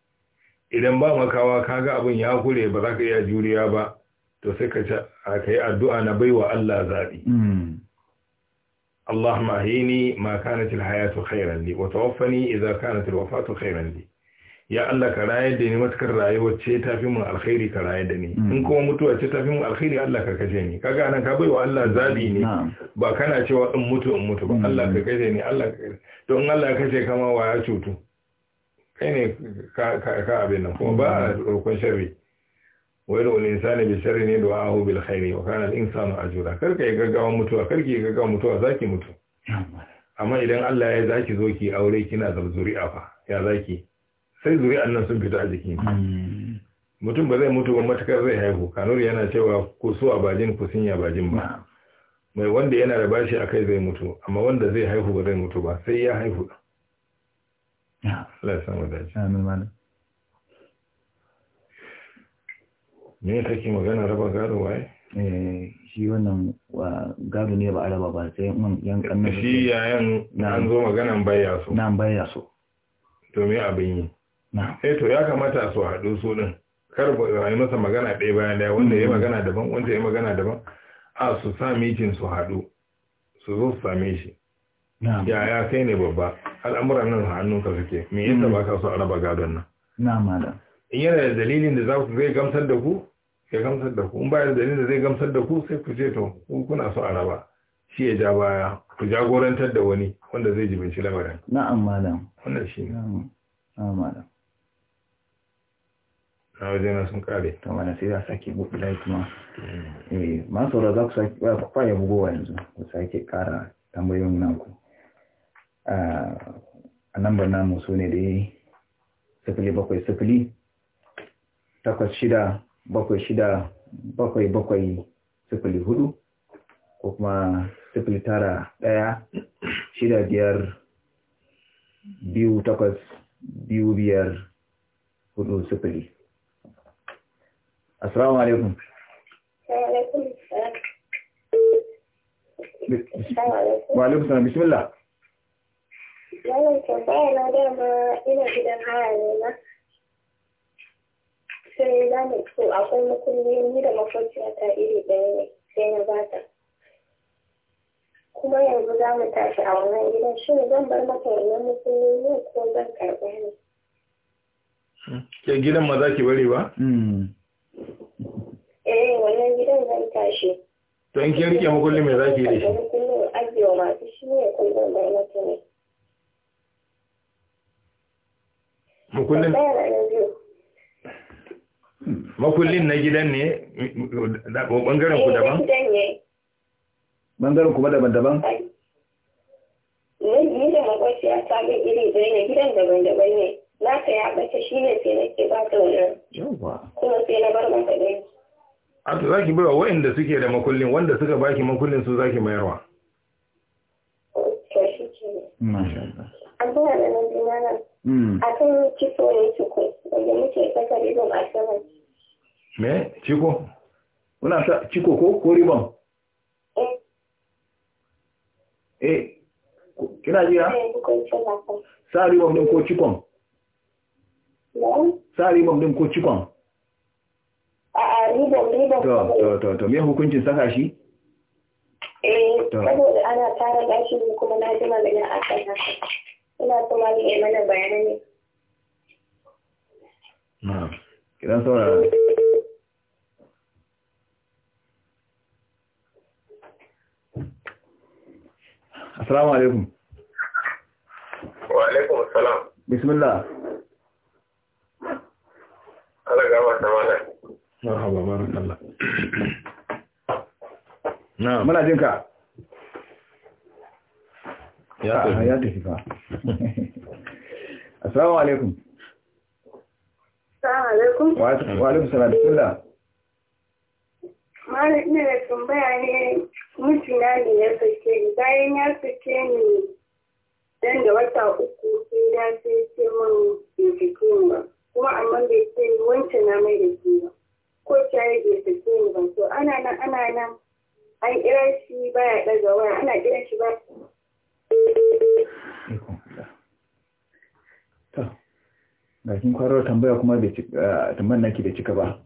Speaker 2: idan ba makawa kaga abin ya kure ba za ka iya juriya ba to sai ka ce a kai addu'a na baiwa Allah zabi hmm. اللهم أهيني ما كانت الحياة خيرا لي وتوفني إذا كانت الوفاة خيرا لي ya Allah ka rayar da ni matukar rayuwar ce ta fi mun alkhairi ka rayar da ni hmm. in kuma mutuwa ce ta fi mun alkhairi Allah ka kashe ni kaga nan ka baiwa Allah zabi ne ba kana cewa in mutu in mutu ba hmm. Allah ka kashe ni Allah Allah ya kashe ka ma wa ya cutu kai ne ka ka abin nan kuma ba a hmm. roƙon sharri wayar wani insani bi sharri ne da a bil khairi wa kana al insanu ajura karka yi gaggawa mutuwa karki yi gaggawa mutuwa zaki mutu amma idan Allah ya zaki zo ki aure kina da zuri'a fa ya zaki sai zuri'an nan sun fita a jiki hmm. mutum ba zai mutu ba matakar zai haihu kanuri yana cewa ku suwa bajin ku sinya bajin ba mai wanda yana da bashi akai zai mutu amma wanda zai haihu ba zai mutu ba sai ya haihu
Speaker 1: Allah ya samu dace amin malam me ya kake magana raba gado waye eh, shi wannan gado ne ba a raba ba sai yan kannan shi
Speaker 2: yayan an zo maganan baya so na baya so to me abin yi na eh to ya kamata su haɗu su din kar ba yi masa magana ɗaya bayan ɗaya wanda ya mm-hmm. magana daban wanda ya magana daban a su sa mitin su haɗu su zo su same shi ya ya kai ne babba al'amuran nan hannunka suke me yasa mm. ba ka so a raba gadon nan
Speaker 3: na malam
Speaker 2: in yana da dalilin da za ku zai gamsar da ku ya gamsar da ku in ba da dalilin da zai gamsar da ku sai ku ce to ku kuna so a raba shi ya ja baya ku jagorantar da wani wanda zai binci lamarin
Speaker 1: na'am malam wannan shi ne na'am malam na waje na sun kare to mana sai za sake buɗe layi kuma eh ma saura za ku sake ba ku fara bugowa yanzu ku sake kara tambayoyin nan ku ah, a lambar namu su ne dai sifili bakwai sifili takwas shida bakwai shida bakwai bakwai sifili hudu ko kuma sifili tara ɗaya shida biyar biyu takwas biyu biyar hudu sifili. asalamu alaikum. Wa alaikum salam bismillah.
Speaker 4: Wannan tambaya na dama ina gidan haya ne na. sai za mu to akwai makulli ni da mafarciya ta iri ɗaya ne sai na ba ta kuma yanzu za mu tashi a wannan gidan shi ne zan bar maka wannan mukulli ne ko zan karɓa ne.
Speaker 2: Hmm. ke gidan ma za ki bari ba? Hmm.
Speaker 4: eh wannan gidan zan tashi.
Speaker 2: to in kiyar rike makulli mai za ki yi da shi?
Speaker 4: makulli ajiye masu shi ne ko zan bar maka ne.
Speaker 2: mukullin? makullin na gidan ne bangaren ku daban?
Speaker 1: bangaren eh, ku daban daban?
Speaker 4: ni da makwaci ya sami iri ɗaya ne gidan daban daban ne na ka ya ɓace shi ne sai nake ba ta wani kuma sai na bar masa ɗaya
Speaker 2: a to zaki bai wa waɗanda suke da makullin wanda suka baki makullin su zaki mayarwa
Speaker 4: abuwa da nan dinana hmm. a kan kiso ne su ko wanda muke kasar izon a saman
Speaker 2: me ciko kuna ta ciko ko ko ribon
Speaker 1: eh kina jira sari mom din ko cikon sari mom din ko cikon
Speaker 4: a a ribon ribon to
Speaker 1: to to me hukuncin saka shi
Speaker 4: eh saboda ana tara gashi kuma na ji magana a kan haka ina kuma ni mana bayanai ne
Speaker 1: na kiran saurara assalamu alaikum wa alaikum assalam bismillah
Speaker 4: Allah gaba ta malam
Speaker 1: marhaba barakallah na'am mala jinka ya ah, ya tafi fa assalamu alaikum
Speaker 4: assalamu alaikum
Speaker 1: wa alaikum assalam bismillah
Speaker 4: Mara ina da tambaya ne mijina ne ya sake ni bayan ya sake ni dan da wata uku sai ya ce ce min bai sake ni ba kuma amma bai ce ni wancan na mai da ke ba ko ta yi bai sake ni ba to ana nan ana nan an kira shi baya ɗaga waya ana kira shi ba.
Speaker 1: Ga kin kwarar tambaya kuma eh, tambayar naki da cika ba.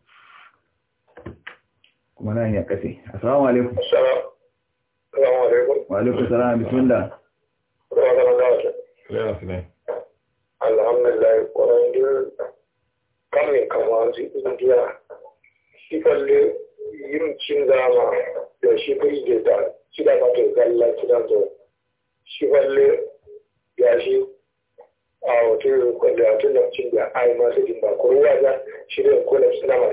Speaker 1: kuma nan ya kafe assalamu alaikum
Speaker 4: assalamu alaikum wa alaikum salam bismillah alhamdulillah kwanan dir kamin kama su indiya shi kalle yin cin zama da shi kai da ta shi da mata kalla kidan zo shi kalle ya shi a wata kwalle a tun da cin da ai masu jin ba kowa ya shi da kwalle suna ma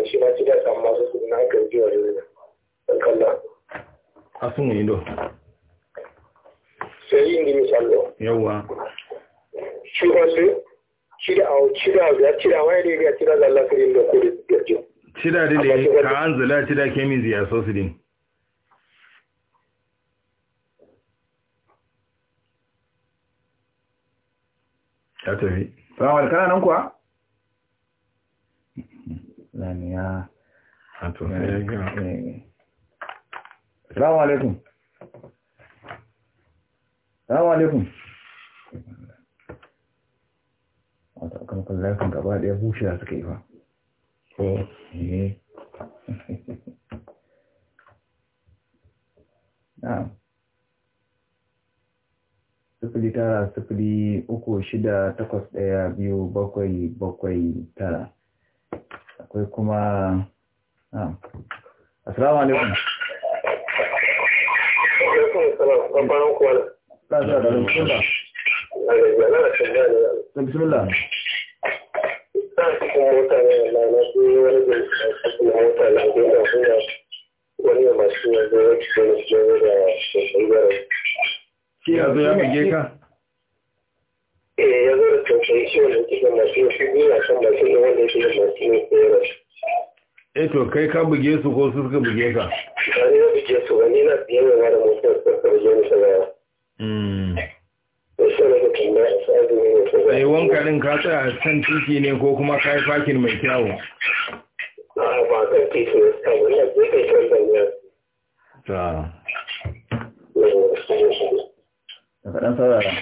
Speaker 4: asun ni do sey ni mi sallo yawa shi ba su au a cida ya cida waye ne ya cida zalla kirin da kudi ya
Speaker 2: cida dile ka an zula cida kemin ziya so su din
Speaker 1: ya tafi wal kana nan kuwa lamiya a to sai ya gina Salamu alaikum. Salamu alaikum. Wata kan kallon gaba ɗaya bushiya suka yi ba. Ko, ne. Eh. Na'am. Sifili tara sifili uku shida takwas ɗaya biyu bakwai bakwai tara. Akwai kuma, na'am. Assalamu alaikum.
Speaker 4: bismillah sa cikin mota ne su cikin mota na gina da ya da sosai ya buge ka? Eh ya sosai shi cikin
Speaker 2: kan ya kai ka buge su ko su suka buge ka?
Speaker 4: je su wani a tsaye mai mara mutum tsarkar je musu baya. Sai wankarin
Speaker 2: ka tsaya a kan titi ne ko kuma ka yi fakin mai kyawu.
Speaker 4: Ba kan titi ne, abu na zai kai kan zaniyar.
Speaker 1: Ta. Ka faɗan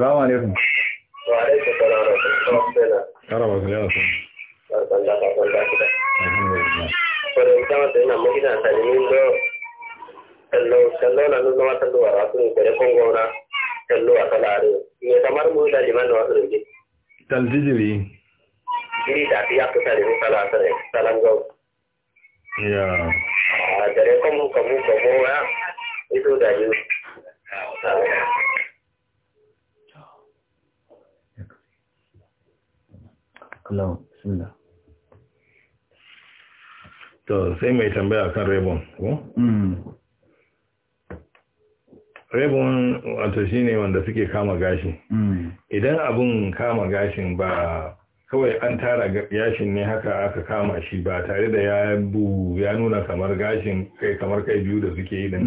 Speaker 1: Assalamu alaikum.
Speaker 4: Wa alaikum salam wa rahmatullahi wa barakatuh. Alhamdulillah. Kalau kita masih Jadi kamu kamu kamu ya itu dari.
Speaker 2: Allahun bismillah to sai mai tambaya kan rebon ko mm. rebon wato shine wanda suke kama gashi mm. idan abun kama gashin ba kawai an tara yashin ne haka aka kama shi ba tare da ya bu ya nuna kamar gashin kai kamar kai biyu da suke yi din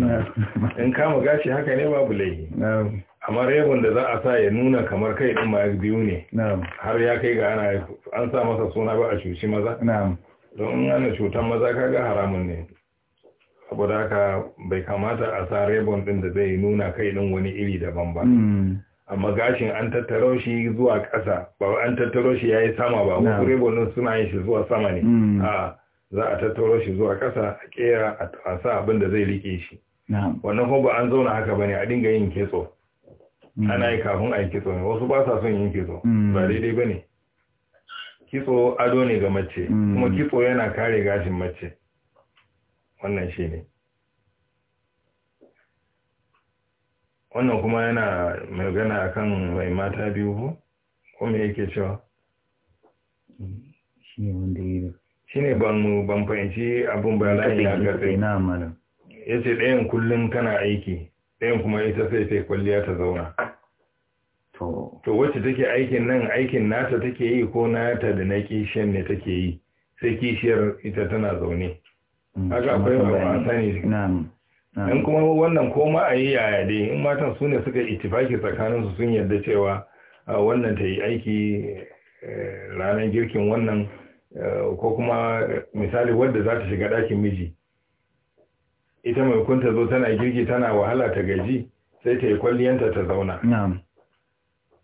Speaker 2: in kama gashi haka ne babu laifi amma rebon da za a sa ya nuna kamar kai ɗin ma biyu ne har ya kai ga ana an sa masa suna ba a cuci maza don in ana cutan maza kaga haramun ne saboda haka bai kamata a sa rebon din da zai nuna kai ɗin wani iri daban ba hmm. amma gashin an tattaro shi zuwa ƙasa ba an tattaro shi ya sama ba ko rebon ɗin suna yin shi zuwa sama ne hmm. a za a tattaro shi zuwa ƙasa a ƙera a sa abin da zai riƙe shi wannan kuma ba an zauna haka ba ne a dinga yin kitso Mm. ana yi kafin a yi kitso ne wasu ba sa son yin kitso mm. ba daidai ba ne kitso ado ne ga mace mm. kuma kitso yana kare gashin mace wannan shi ne wannan kuma yana magana kan mai mata biyu ko kuma yake cewa shi ne wanda yi shi ne ban fahimci abin ba ya gasa ya ce ɗayan kullum tana aiki ɗayan kuma ita sai ta kwalliya ta zauna to wacce take aikin nan aikin nata take yi ko nata da na kishiyar ne take yi sai kishiyar ita tana zaune mm, haka akwai mai sani in kuma wannan ko a yi yaya dai in matan su ne suka itifaki tsakanin su sun yarda cewa wannan ta yi aiki eh, ranar girkin wannan eh, ko kuma misali wadda za ta shiga ɗakin miji ita mai kunta zo tana girki tana wahala ta gaji sai ta yi kwalliyanta ta zauna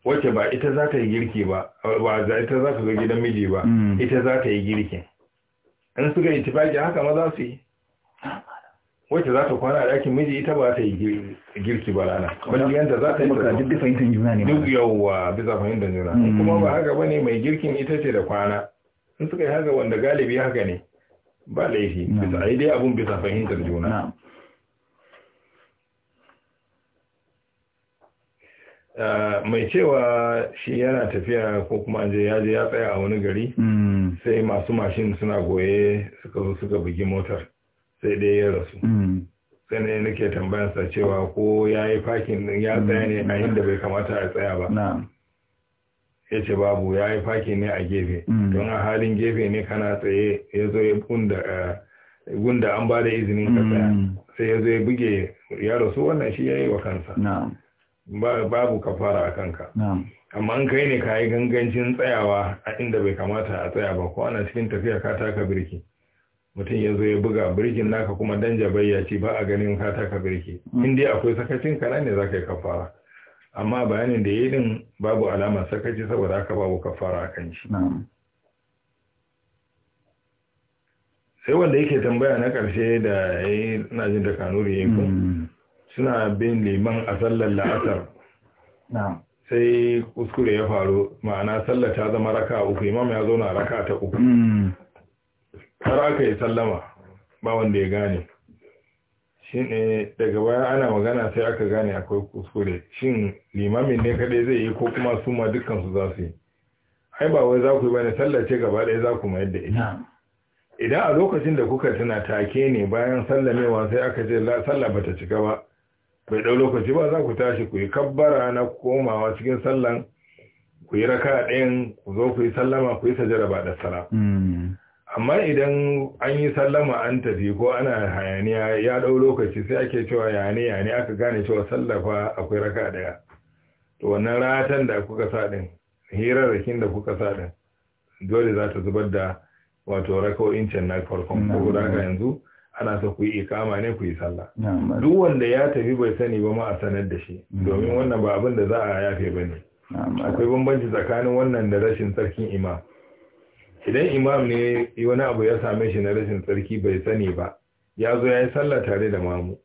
Speaker 2: wacce ba ita za ta yi girki ba ba za ita za ta zo gidan miji ba mm. ita za ta yi girki in suka yi tufaki haka ma za su yi wacce za ta kwana a ɗakin miji ita ba ta yi girki ba rana kwalliyanta za ta yi ta duk fahimtar juna ne duk yawwa bisa fahimtar juna mm. kuma ba haka ba ne mai girkin ita ce da kwana in suka yi haka wanda galibi haka ne ba laifi bisa ai dai abun bisa fahimtar juna ah, mai cewa shi yana tafiya ko kuma je ya je ya tsaya a wani gari
Speaker 1: hmm.
Speaker 2: sai masu mashin suna goye suka zo suka bugi motar sai dai ya rasu hmm. sai ne nake tambayarsa cewa ko ya yi fakin ya tsaya ne a inda bai kamata a tsaya ba ya ce babu ya yi faki ne a gefe mm. don a halin gefe ne kana tsaye ya zo ya gunda eh, an ba da izinin ka tsaya mm. sai ya zo ya buge ya rasu wannan shi ya yi wa kansa babu ka fara a kanka amma an kai ne ka yi gangancin tsayawa a inda bai kamata a tsaya ba ko ana cikin tafiya ka taka birki mutum ya zo ya buga birkin naka kuma dan jabayya ce ba a ganin ka taka birki mm. in dai akwai sakacin kana ne za ka yi kafara amma bayanin da yayi din babu alamar sakaci saboda haka babu kafara kan shi sai wanda yake tambaya na karshe da yayi na jin da kanuri yayin hmm. suna bin liman a sallar la'asar sai kuskure ya faru ma'ana sallar ta zama raka uku imam ya zauna raka ta uku hmm. har aka yi sallama ba wanda ya gane shine eh, daga baya ana magana sai aka gane akwai kuskure shin limamin ne kadai zai yi ko kuma su ma dukkan za su yi ai ba wai za ku yi bane sallah ce gaba ɗaya za ku mayar da ita idan a lokacin da kuka tuna take ne bayan sallamewa sai aka ce sallah bata cika ba bai ɗau lokaci ba za ku tashi ku yi kabbara na komawa cikin sallan ku yi raka ɗayan ku zo ku yi sallama ku yi sajara ba da sala
Speaker 1: hmm.
Speaker 2: amma idan an yi sallama an tafi ko ana hayaniya ya dau lokaci sai ake cewa yane yane aka gane cewa sallafa akwai raka ɗaya to wannan ratan da kuka sa ɗin hirarrakin da kuka sa ɗin dole za ta zubar da wato raka'o'in incin na farkon ko da yanzu ana so ku yi ikama ne ku yi sallah duk wanda ya tafi bai sani ba ma a sanar da shi domin wannan ba abin da za a yafe ba ne akwai bambanci tsakanin wannan da rashin tsarkin imam idan imam ne wani abu ya same shi na rashin tsarki bai sani ba ya zo ya yi sallah tare da mamu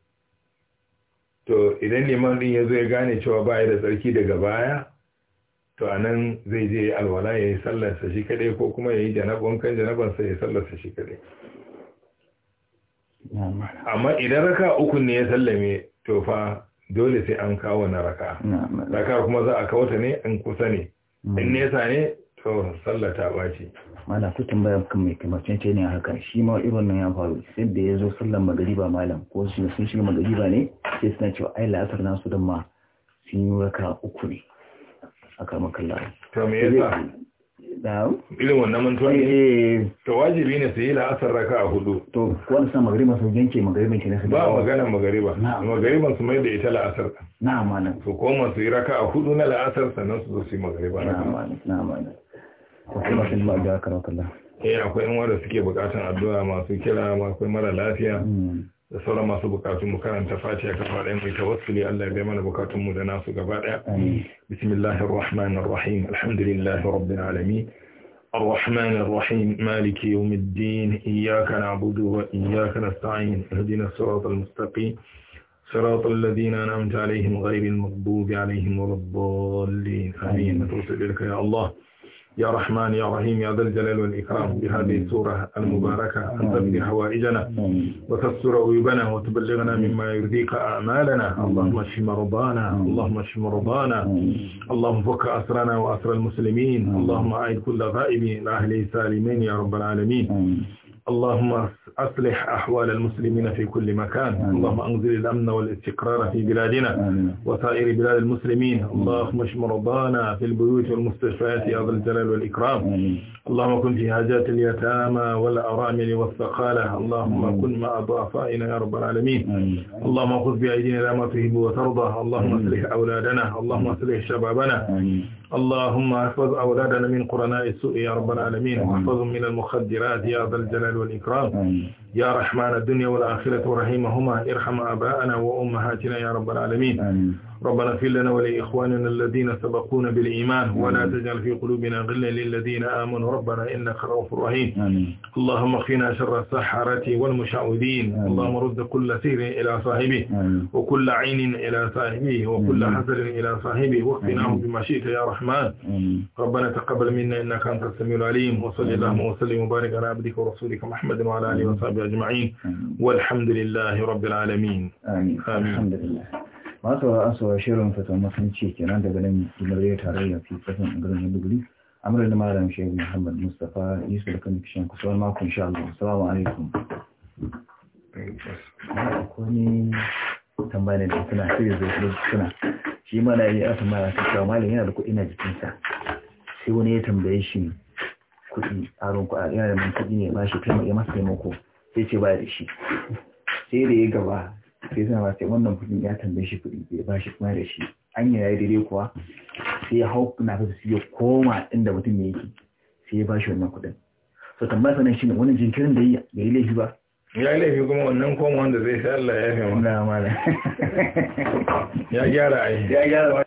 Speaker 2: to idan liman din ya zo ya gane cewa ba ya da tsarki daga baya to a nan zai je alwala ya yi sallarsa shi kaɗai ko kuma ya yi wankan janabonsa ya sallarsa shi kaɗai amma idan raka uku ne ya sallame to fa dole sai an kawo na raka raka kuma za a kawo ta ne an kusa ne in nesa ne to sallata
Speaker 1: ta ɓaci mana ku tambaya kan mai cancanci ne a haka shi ma irin nan ya faru sai da ya zo sallan magariba malam ko su sun shiga magariba ne sai suna cewa ai la'asar nasu don ma sun yi raka uku ne a karmar kallon to me yasa na'am wannan mantuwa ne eh, eh. to wajibi ne su yi la'asar raka a hudu to an sa magariba sun yanke magariban ke nasu ba
Speaker 2: magana magariba magariban su mai da ita la'asar na'am malam su koma su yi raka a hudu na la'asar sannan su zo su yi magariba na'am malam na'am malam Wakilashin
Speaker 1: ba ga karatu Allah.
Speaker 2: Eh akwai yan wanda suke bukatan addu'a masu kira akwai mara lafiya da sauran masu bukatun mu karanta Fatiha kafa ɗaya mai tawassuli Allah ya bai mana bukatun mu da nasu gaba ɗaya. Bismillahir Rahmanir Rahim. Alhamdulillahi Rabbil Alamin. الرحمن الرحيم مالك يوم الدين إياك نعبد وإياك نستعين اهدنا الصراط المستقيم صراط الذين أنعمت عليهم غير المغضوب عليهم ولا الضالين آمين نتوسل إليك يا الله يا رحمن يا رحيم يا ذا الجلال والإكرام بهذه السورة المباركة أن تبدي حوائجنا وتستر عيوبنا وتبلغنا مما يرضيك أعمالنا اللهم اشف مرضانا اللهم اشف مرضانا اللهم فك أسرنا وأسر المسلمين اللهم أعد كل غائب إلى أهله سالمين يا رب العالمين اللهم أصلح أحوال المسلمين في كل مكان اللهم أنزل الأمن والاستقرار في بلادنا وسائر بلاد المسلمين اللهم اشف مرضانا في البيوت والمستشفيات يا ذا الجلال والإكرام آمين. اللهم كن في حاجات اليتامى والأرامل والثقالة اللهم كن مع ضعفائنا يا رب العالمين آمين. اللهم خذ بأيدينا لا ما تهب وترضى اللهم أصلح أولادنا اللهم أصلح شبابنا آمين. اللهم احفظ أولادنا من قرناء السوء يا رب العالمين واحفظهم من المخدرات يا ذا الجلال والإكرام يا رحمن الدنيا والآخرة ورحيمهما ارحم آباءنا وأمهاتنا يا رب العالمين آمين. ربنا في لنا ولإخواننا الذين سبقونا بالإيمان آمين. ولا تجعل في قلوبنا غلا للذين آمنوا ربنا إنك رؤوف رحيم آمين. اللهم اخفنا شر السحرة والمشعوذين اللهم رد كل سير إلى صاحبه وكل عين إلى صاحبه وكل حسر إلى صاحبه واقفناه بما شئت يا رحمن ربنا تقبل منا إنك أنت السميع العليم وصلى اللهم وسلم وبارك على عبدك ورسولك محمد وعلى آله وصحبه أجمعين والحمد لله رب العالمين آمين, الحمد لله
Speaker 1: masu shirin fatan sun ce kenan daga nan jimare tarayya fi kasan garin Maiduguri amurin da malam shehu Muhammad Mustapha Yusuf da kan kishin kusurwar mako insha Allah assalamu da suna sai zai suna shi mana yi asa mara ta malam yana da kuɗi na jikinsa sai wani ya tambaye shi kuɗi aron kuɗi yana da man kuɗi ne ba shi taimaka masa taimako sai ce ba da shi sai da ya gaba sai ba sai wannan kudin ya tambaye shi kudi bai ba shi kuma da shi an yi yayi daidai kuwa sai ya hau na fasa sai ya koma inda mutum ya yake sai ya ba shi wannan kudin so tambaya shi ne wani jinkirin da ya yi laifi ba
Speaker 2: ya yi laifi kuma wannan
Speaker 4: koma wanda zai sai Allah ya fi ma ya gyara ai ya gyara